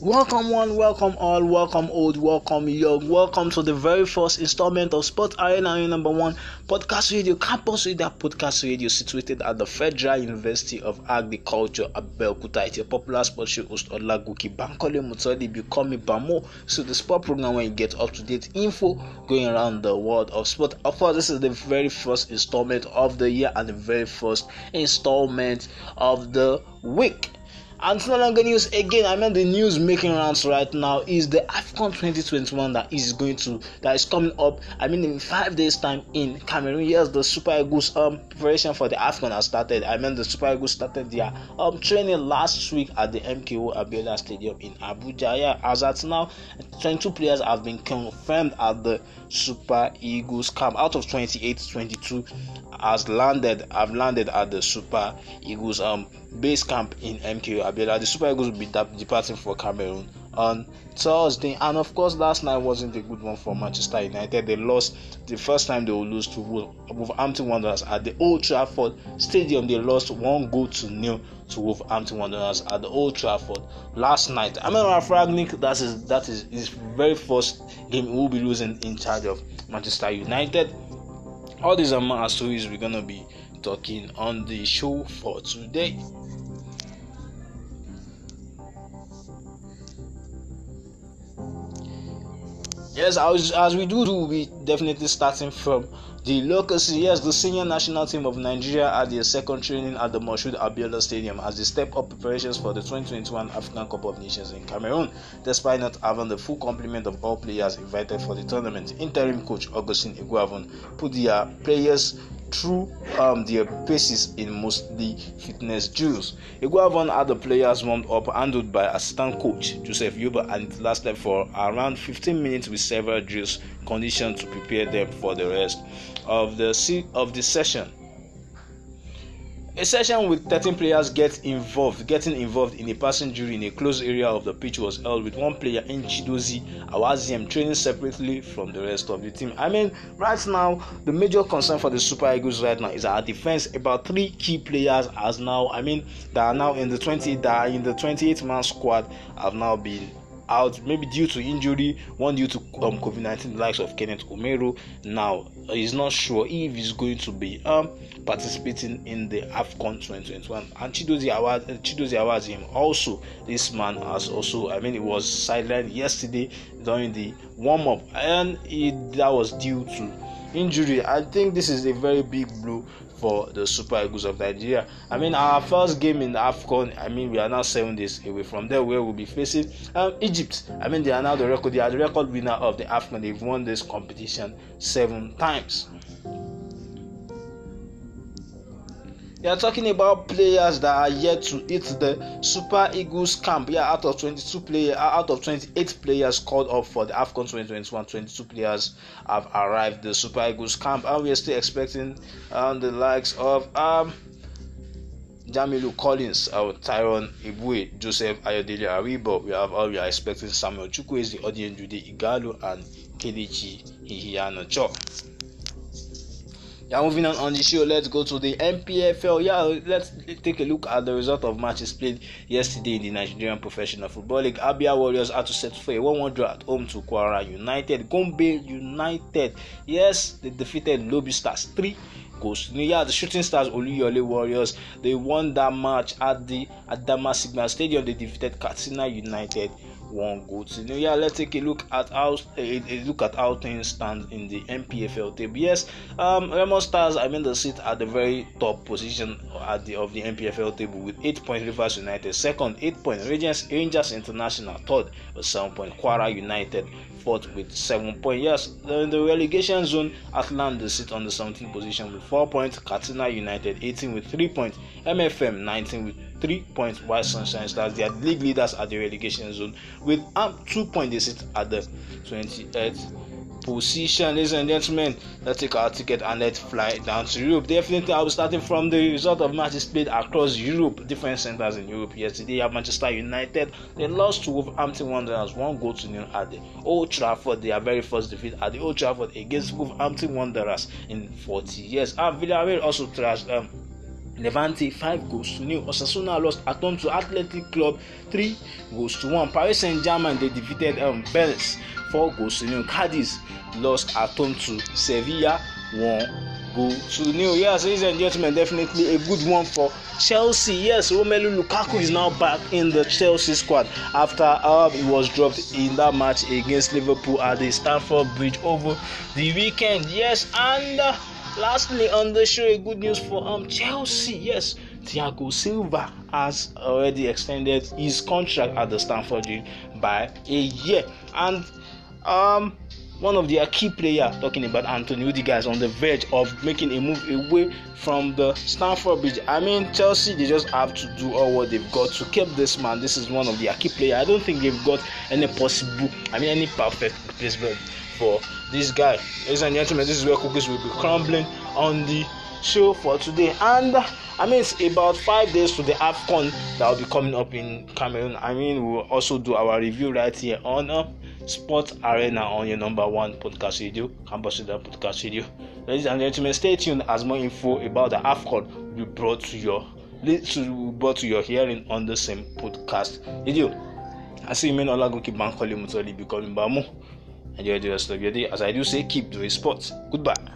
Welcome one, welcome all, welcome old, welcome young, welcome to the very first installment of Sport Arena number one podcast radio, campus radio podcast radio situated at the Federal University of Agriculture Abeokuta. It's a popular sports show host Olaguki Bankole Mutoli Bukomi Bamo. So the sport program when you get up to date info going around the world of sport. Of course, this is the very first installment of the year and the very first installment of the week. And it's no longer news again. I mean, the news making rounds right now is the AFCON 2021 that is going to that is coming up. I mean, in five days' time in Cameroon. Yes, the Super Eagles um preparation for the AFCON has started. I mean, the Super Eagles started their um training last week at the MKO Abiola Stadium in Abuja. Yeah, as at now, 22 players have been confirmed at the Super Eagles camp. Out of 28, 22 has landed. Have landed at the Super Eagles um base camp in MKO Abiola, the Super Eagles will be departing for Cameroon on Thursday. And of course, last night wasn't a good one for Manchester United. They lost the first time they will lose to Wolverhampton Wanderers at the Old Trafford Stadium. They lost one goal to nil to Wolverhampton Wanderers at the Old Trafford last night. Amel Rafragnik, that is that is his very first game he will be losing in charge of Manchester United. All these are stories we're gonna be talking on the show for today. yes as, as we do do we definitely starting from the locals, yes, the senior national team of Nigeria had their second training at the Moshood Abiola Stadium as they step up preparations for the 2021 African Cup of Nations in Cameroon, despite not having the full complement of all players invited for the tournament. Interim coach Augustine Iguavon put their players through um, their paces in mostly fitness drills. Iguavon had the players warmed up, handled by assistant coach Joseph Yuba, and it lasted for around 15 minutes with several drills conditioned to prepare them for the rest of the sea of the session. A session with 13 players get involved, getting involved in a passing during in a closed area of the pitch was held with one player in Chidozi Awaziem training separately from the rest of the team. I mean, right now, the major concern for the Super Eagles right now is our defense. About three key players as now, I mean, that are now in the 20 that are in the 28 man squad have now been out, maybe due to injury, one due to um, COVID 19, the likes of Kenneth Omero. Now, he's not sure if he's going to be um, participating in the AFCON 2021. And Chidozie awards Chidozie him also, this man has also, I mean, he was sidelined yesterday during the warm up, and that was due to injury. I think this is a very big blow for the Super Eagles of Nigeria. I mean, our first game in AFCON, I mean, we are now seven days away from there where we'll be facing um, Egypt. I mean, they are now the record, they are the record winner of the AFCON. They've won this competition seven times. They are talking about players that are yet to hit the Super Eagles camp. Yeah, out of 22 players, uh, out of 28 players called up for the AFCON 2021, 22 players have arrived the Super Eagles camp, and we are still expecting um, the likes of um, Jamilu Collins, uh, Tyron Ibue, Joseph Ayodele Aribo. We have all uh, we are expecting Samuel Chukwueze, Odien Jude Igalo, and Kelechi Ihianacho. Yeah, moving on on the show, let's go to the MPFL. Yeah, let's take a look at the result of matches played yesterday in the Nigerian Professional Football League. Abia Warriors had to settle for a 1-1 draw at home to Kwara United. Gombe United, yes, they defeated Lobby Stars 3 goals. Yeah, the Shooting Stars Oluyole Warriors, they won that match at the Adama Signal Stadium. They defeated Katsina United one good thing. Yeah, let's take a look at how a, a look at how things stand in the MPFL table. Yes, um, Remo Stars I mean the seat at the very top position at the of the MPFL table with eight points. Rivers United second, eight points. Rangers, Rangers International third, seven points. Quara United with 7 points. Yes, in the relegation zone. Atlanta sit on the 17th position with 4 points, Katina United 18 with 3 points, MFM 19 with 3 points, White Sunshine Stars, the league leaders, at the relegation zone with 2 points. They sit at the 28th position, ladies and gentlemen. Let's take our ticket and let's fly down to Europe. Definitely, I'll be starting from the result of matches played across Europe, different centers in Europe. Yesterday, Manchester United, they lost to Wolverhampton Wanderers, one goal to nil at the Old Trafford, their very first defeat at the Old Trafford against Wolverhampton Wanderers in 40 years. And Villarreal also trashed them. Um, Levante five goals to nil Osasuna lost at home to Athletic Club three goals to one Paris Saint-Germain they defeated um, Betis four goals to nil Cadiz lost at home to Sevilla one goal to nil yes ladies and gentlemen definitely a good one for Chelsea yes Romelu Lukaku is now back in the Chelsea squad after um, he was dropped in that match against Liverpool at the Stamford Bridge over the weekend yes and. Uh, Lastly, on the show, a good news for um Chelsea. Yes, Thiago Silva has already extended his contract at the Stamford Bridge by a year, and um one of their key players, talking about Anthony Rudiger, is on the verge of making a move away from the Stamford Bridge. I mean, Chelsea, they just have to do all what they've got to keep this man. This is one of their key players. I don't think they've got any possible, I mean, any perfect replacement for this guy. Ladies and gentlemen, this is where cookies will be crumbling on the show for today. And uh, I mean, it's about five days to the AFCON that will be coming up in Cameroon. I mean, we'll also do our review right here on uh, Sports Arena on your number one podcast radio, Campus Radio Podcast Radio. Ladies and gentlemen, stay tuned as more info about the AFCON will be brought to your to brought to your hearing on the same podcast video. I see men all go keep on calling because becoming Bamu and you do yourself your day. As I do say, keep doing sports. Goodbye.